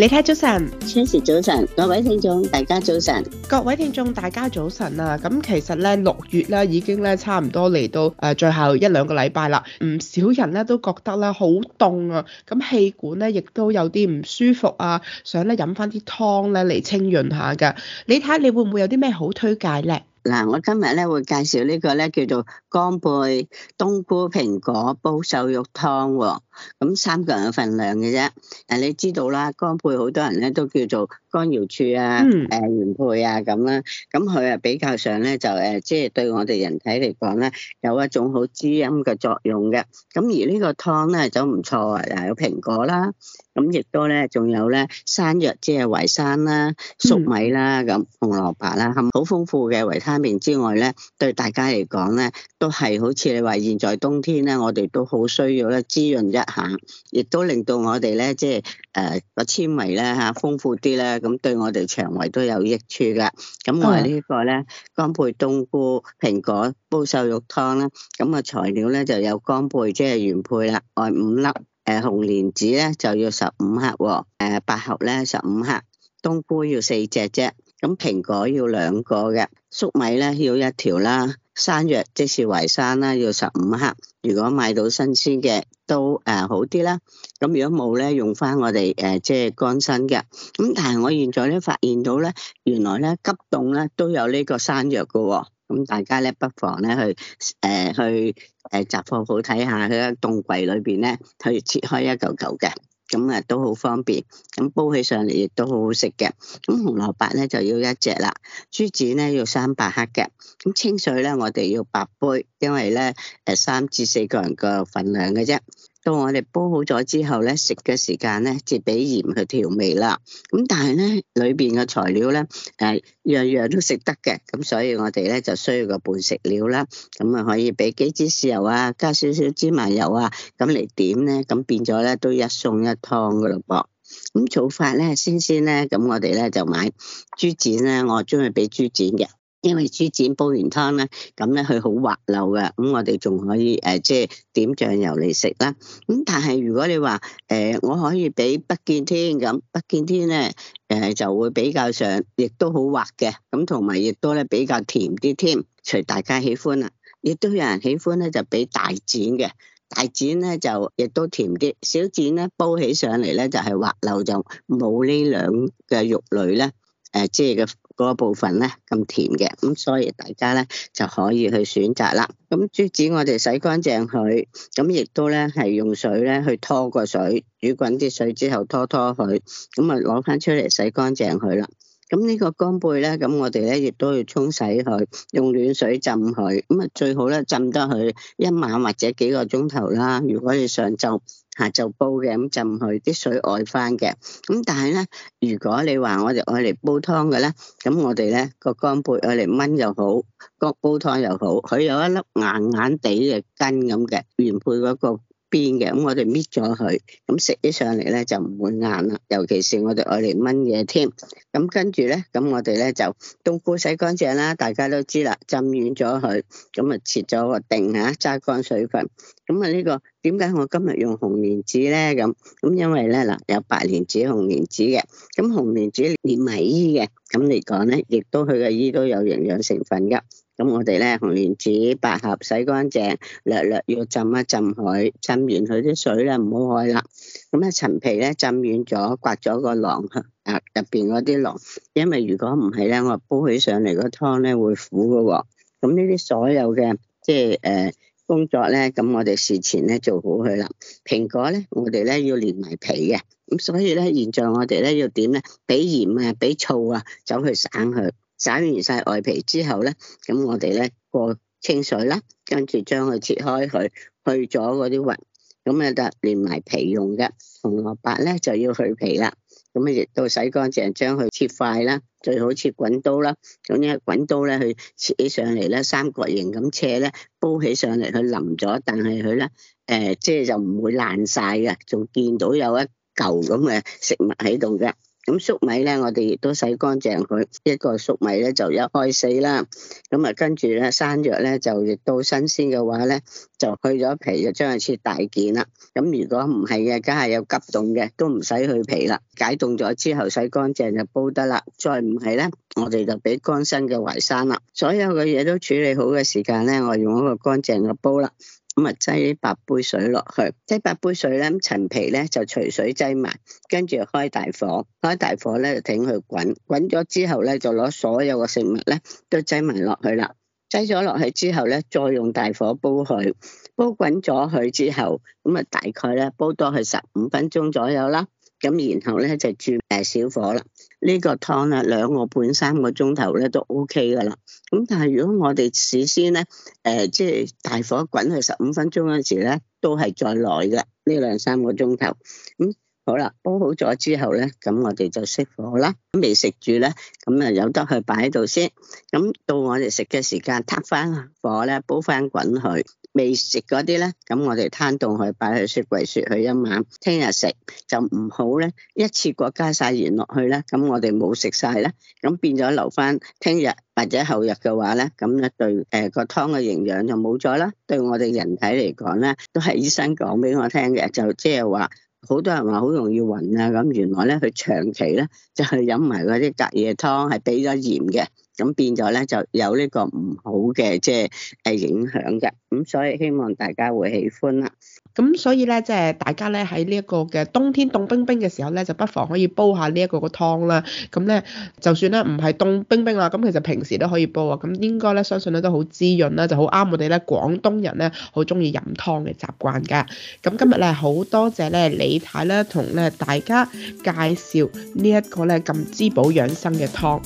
你睇早晨，崔氏早晨，各位聽眾大家早晨，各位聽眾大家早晨啊，咁其實呢，六月呢已經呢差唔多嚟到最後一兩個禮拜啦，唔少人呢都覺得呢好凍啊，咁氣管呢亦都有啲唔舒服啊，想呢飲返啲湯呢嚟清潤下㗎，你睇下你會唔會有啲咩好推介呢？嗱，我今日咧會介紹呢個咧叫做江貝冬菇蘋果煲瘦肉湯喎。咁三個人嘅份量嘅啫。嗱，你知道啦，江貝好多人咧都叫做江瑤柱啊，誒元貝啊咁啦。咁佢啊比較上咧就誒，即係對我哋人體嚟講咧有一種好滋陰嘅作用嘅。咁而呢個湯咧就唔錯啊，有蘋果啦，咁亦都咧仲有咧山藥即係淮山啦、粟米啦、咁紅蘿蔔啦，好豐富嘅維他。之外咧，對大家嚟講咧，都係好似你話，現在冬天咧，我哋都好需要咧滋潤一下，亦都令到我哋咧，即係誒個纖維咧嚇豐富啲啦，咁對我哋腸胃都有益處噶。咁我哋呢個咧，乾貝冬菇蘋果煲瘦肉湯啦。咁啊材料咧就有乾貝，即係原配啦，外五粒，誒紅蓮子咧就要十五克喎，誒百合咧十五克，冬菇要四隻啫。咁蘋果要兩個嘅，粟米咧要一條啦，山藥即是淮山啦，要十五克。如果買到新鮮嘅，都誒、呃、好啲啦。咁如果冇咧，用翻我哋誒即係乾身嘅。咁但係我現在咧發現到咧，原來咧急凍咧都有呢個山藥嘅，哦。咁大家咧不妨咧去誒、呃、去誒、呃呃、雜貨鋪睇下，佢喺凍櫃裏邊咧去切開一嚿嚿嘅。咁啊，都好方便，咁煲起上嚟亦都好好食嘅。咁紅蘿蔔咧就要一隻啦，豬展咧要三百克嘅，咁清水咧我哋要八杯，因為咧誒三至四個人嘅份量嘅啫。到我哋煲好咗之後咧，食嘅時間咧，就俾鹽去調味啦。咁但係咧，裏邊嘅材料咧，誒樣樣都食得嘅。咁所以我哋咧就需要個半食料啦。咁啊，可以俾幾支豉油啊，加少少芝麻油啊，咁嚟點咧，咁變咗咧都一餸一湯嘅咯噃。咁做法咧鮮鮮咧，咁我哋咧就買豬展咧，我中意俾豬展嘅。因為豬展煲完湯咧，咁咧佢好滑溜嘅，咁我哋仲可以誒，即、呃、係、就是、點醬油嚟食啦。咁但係如果你話誒、呃，我可以俾不見天咁，不見天咧誒、呃，就會比較上亦都好滑嘅，咁同埋亦都咧比較甜啲添，隨大家喜歡啦。亦都有人喜歡咧，就俾大展嘅，大展咧就亦都甜啲，小展咧煲起上嚟咧就係滑溜，就冇呢兩個肉類咧，誒、呃，即係嘅。嗰部分咧咁甜嘅，咁所以大家咧就可以去選擇啦。咁珠子我哋洗乾淨佢，咁亦都咧係用水咧去拖個水，煮滾啲水之後拖拖佢，咁啊攞翻出嚟洗乾淨佢啦。咁呢個乾貝咧，咁我哋咧亦都要沖洗佢，用暖水浸佢，咁啊最好咧浸得佢一晚或者幾個鐘頭啦。如果你上晝下晝煲嘅，咁浸去啲水外翻嘅，咁但係咧，如果你話我哋愛嚟煲湯嘅咧，咁我哋咧個乾貝愛嚟燜又好，個煲湯又好，佢有一粒硬硬哋嘅根咁嘅，原配嗰個。變嘅，咁我哋搣咗佢，咁食起上嚟咧就唔會硬啦，尤其是我哋愛嚟炆嘢添。咁跟住咧，咁我哋咧就冬菇洗乾淨啦，大家都知啦，浸軟咗佢，咁啊切咗個丁吓，揸乾水分。咁啊呢個點解我今日用紅蓮子咧？咁咁因為咧嗱，有白蓮子、紅蓮子嘅，咁紅蓮子連埋衣嘅，咁嚟講咧，亦都佢嘅衣都有營養成分噶。咁我哋咧，紅蓮子、百合洗乾淨，略略要浸一浸佢，浸完佢啲水咧唔好開啦。咁咧陳皮咧浸軟咗，刮咗個囊啊，入邊嗰啲囊，因為如果唔係咧，我煲起上嚟個湯咧會苦噶、哦。咁呢啲所有嘅即係誒、呃、工作咧，咁我哋事前咧做好佢啦。蘋果咧，我哋咧要連埋皮嘅，咁所以咧現在我哋咧要點咧？俾鹽啊，俾醋啊，走去省佢。洗完晒外皮之後咧，咁我哋咧過清水啦，跟住將佢切開佢，去咗嗰啲核，咁啊得連埋皮用嘅紅蘿蔔咧就要去皮啦，咁啊亦都洗乾淨，將佢切塊啦，最好切滾刀啦，咁咧滾刀咧去切起上嚟咧三角形咁斜咧，煲起上嚟佢淋咗，但係佢咧誒即係就唔會爛晒嘅，仲見到有一嚿咁嘅食物喺度嘅。咁粟米咧，我哋亦都洗乾淨佢。一個粟米咧就一開四啦。咁啊，跟住咧山藥咧，就亦都新鮮嘅話咧，就去咗皮，就將佢切大件啦。咁如果唔係嘅，梗係有急凍嘅，都唔使去皮啦。解凍咗之後洗乾淨就煲得啦。再唔係咧，我哋就俾乾身嘅淮山啦。所有嘅嘢都處理好嘅時間咧，我用一個乾淨嘅煲啦。咁啊，擠啲八杯水落去，擠八杯水咧，咁陳皮咧就隨水擠埋，跟住開大火，開大火咧就等佢滾，滾咗之後咧就攞所有嘅食物咧都擠埋落去啦，擠咗落去之後咧再用大火煲佢，煲滾咗佢之後，咁啊大概咧煲多佢十五分鐘左右啦，咁然後咧就轉。小火啦，呢、這個湯啊，兩個半三個鐘頭咧都 OK 噶啦。咁但係如果我哋事先咧，誒即係大火滾去十五分鐘嗰陣時咧，都係再耐嘅呢兩三個鐘頭。嗯好啦，煲好咗之後咧，咁我哋就熄火啦。未食住咧，咁啊有得去擺喺度先。咁到我哋食嘅時間，撻翻火咧，煲翻滾佢。未食嗰啲咧，咁我哋攤凍去擺去雪櫃雪佢一晚，聽日食就唔好咧。一次過加晒鹽落去咧，咁我哋冇食晒咧，咁變咗留翻聽日或者後日嘅話咧，咁咧對誒個湯嘅營養就冇咗啦。對我哋人體嚟講咧，都係醫生講俾我聽嘅，就即係話。好多人話好容易暈啊，咁原來咧佢長期咧就係飲埋嗰啲隔夜湯，係俾咗鹽嘅。咁變咗咧，就有呢個唔好嘅即係誒影響嘅。咁所以希望大家會喜歡啦。咁所以咧，即係大家咧喺呢一個嘅冬天凍冰冰嘅時候咧，就不妨可以煲下呢一個嘅湯啦。咁咧，就算咧唔係凍冰冰啦，咁其實平時都可以煲啊。咁應該咧，相信咧都好滋潤啦，就好啱我哋咧廣東人咧好中意飲湯嘅習慣噶。咁今日咧好多謝咧李太咧同咧大家介紹呢一個咧咁滋補養生嘅湯。